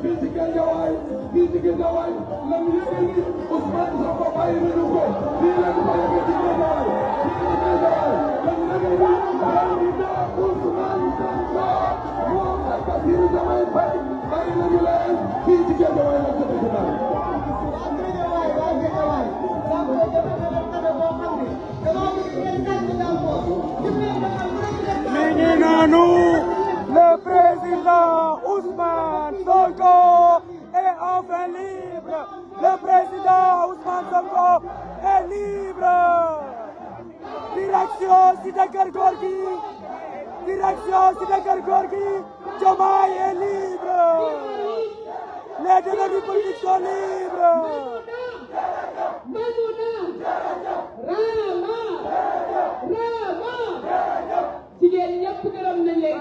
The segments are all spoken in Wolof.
fii ci Guédiawaye fii ci Guédiawaye lan yëgal ni Ousmane Sonko bàyyi nañu ko fii la ñu ko yëgal ci Guédiawaye fii ci Guédiawaye lan yëgal ni président Ousmane Sonko moom ak Bassirou Diomaye Faye bàyyi nañu leen fii ci Guédiawaye la jotee ci daal. mais nee naa nu Ousmane Sonko est Le président Ousmane Sonko est libre. Direction Cité Keur Gorgui. Direction Cité Keur Gorgui. Diomaye est libre. Les détenus politiques sont libres. jigéen ñëpp gërëm nañ leen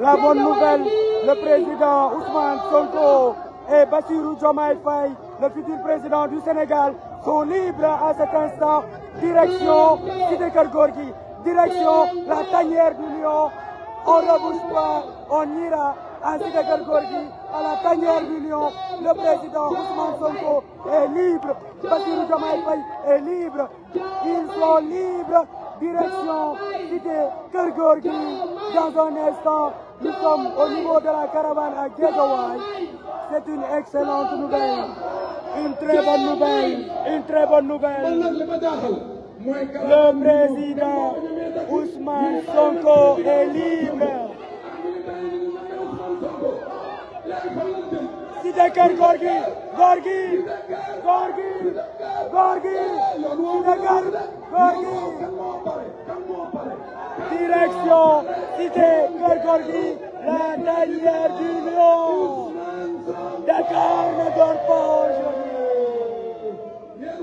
la bonne nouvelle le président Ousmane Sonko et Bassirou Diomaye Faye le futur président du Sénégal sont libres à cet instant direction Cité Keur direction la tanière du On ne bouge on ira ainsi que Keur à la tanière du Le président Ousmane Sonko est libre, Bassirou Diomaye Faye est libre. Ils sont libres, direction cité Keur Gorgui. Dans un instant, nous sommes au niveau de la caravane à Guédiawaye. C'est une excellente nouvelle, une très bonne nouvelle, une très bonne nouvelle. Le président Ousmane Sonko est libre. Cité Keur Gorgui Gorgui Direction Cité Keur la tanière du lion Dakar ne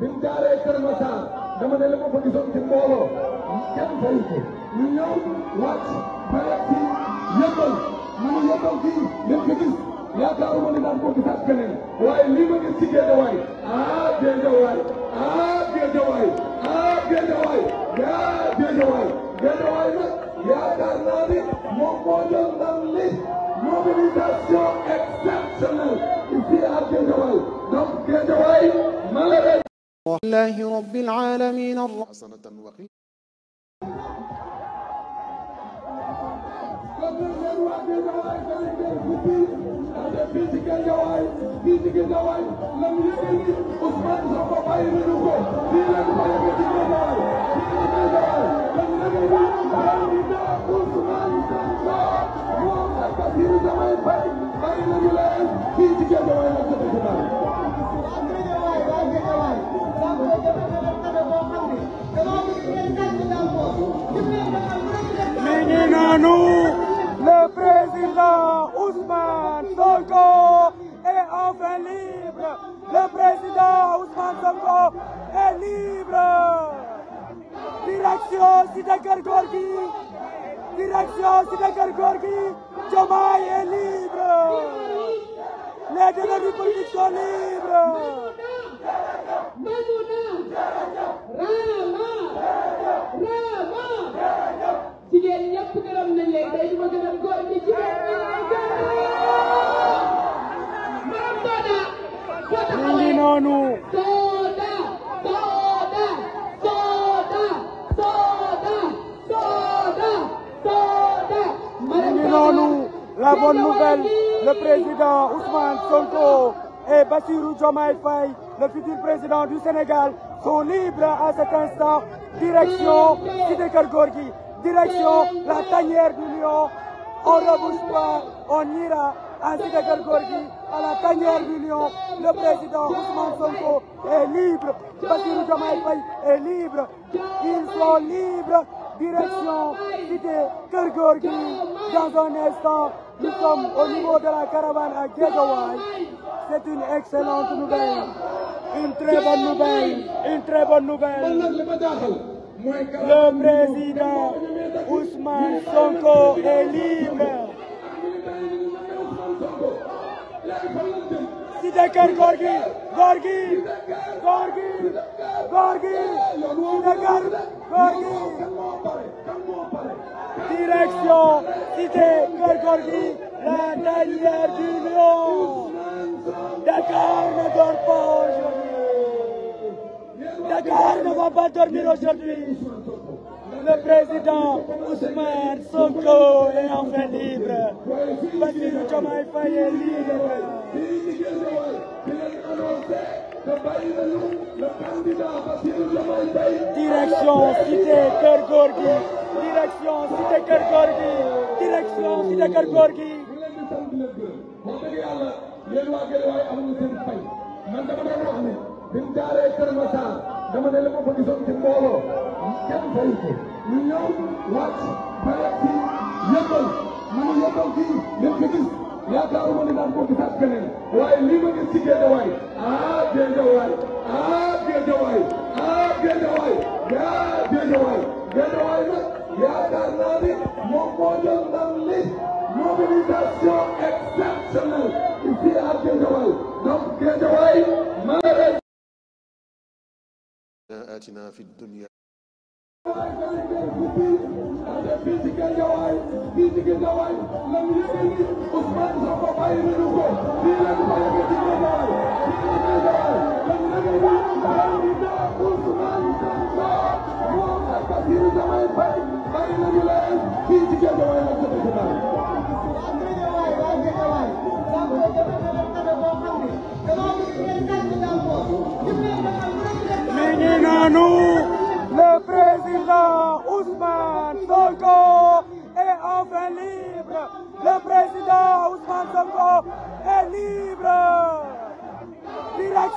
bi mu jaaree Kër Masar dama ne la ma fa gisoon ci mbooloo kenn fayu ko ñu ñëw wàcc ba fii yëppal ñu ngi yëppal fii ngeen ko gis yaakaaruma ni daan ko gisaat keneen waaye lii ma gis ci géejawaay ah géejawaay ah géejawaay ah géejawaay yaa géejawaay géejawaay nag yaakaar naa ni moom moo jël ndam li mobilisation الله رب العالمين حسنة وقنا في تجاه جوائل est Le président Ousmane Sonko est libre. Direction Cité Keur Direction Cité Keur Gorgui. est libre. Les détenus politiques sont libres. noonu. soda la bonne nouvelle le président Ousmane Sonko et Bassirou Diomaye le futur président du Sénégal sont libres à cet instant direction Cité Keur direction la tanière du lion on ne bouge pas on ira. en cité Keur Gorgui à la tanière du le président Ousmane Sonko est libre Bassirou Diomaye Faye est libre ils sont libres direction cité Keur Gorgui dans un au niveau de la caravane à Guédiawaye c'est une excellente nouvelle une très bonne nouvelle une très bonne nouvelle le président Ousmane Sonko est libre si Dakar góor gi góor gi góor gi góor gi si Dakar góor le président Ousmane Sonko est enfin libre. Bassirou Diomaye Faye est libre. Direction cité Keur Gorgui. Direction cité Keur Gorgui. Direction cité Keur Gorgui. man dama doon wax ne bi mu jaaree Kër Massar dama ne la ma fa gisoon ci mbooloo kenn fay ko ñu ñëw wàcc bare fii yëmbal mu ne yëmbal fii ngeen ko gis yaakaaruma ne daan ko gisaat keneen waaye lii ma gis ci géejawaay ah géejawaay ah géejawaay ah géejawaay yaa géejawaay géejawaay nag yaakaar naa ni moom moo jël ndam li mobilisation exceptionnelle ici à géejawaay donc géejawaay maa آتنا في الدنيا Géejawaay nga leen jël ci fii ndax de fii ci Géejawaay fii ci Géejawaay la mu yëgal ni Ousmane Sonko bàyyi nañu ko fii la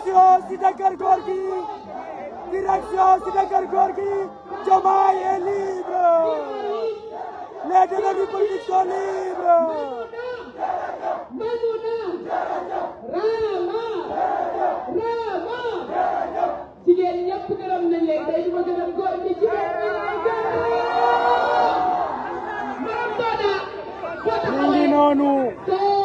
direction Cité Keur Gorgui direction Cité Keur Gorgui Diomaye est libre les détenus politiques sont libres jigéen ñëpp gërëm nañ leen tey duma gërëm góor ñi jigéen ñi lay gërëm maram doona foo taxawee noonu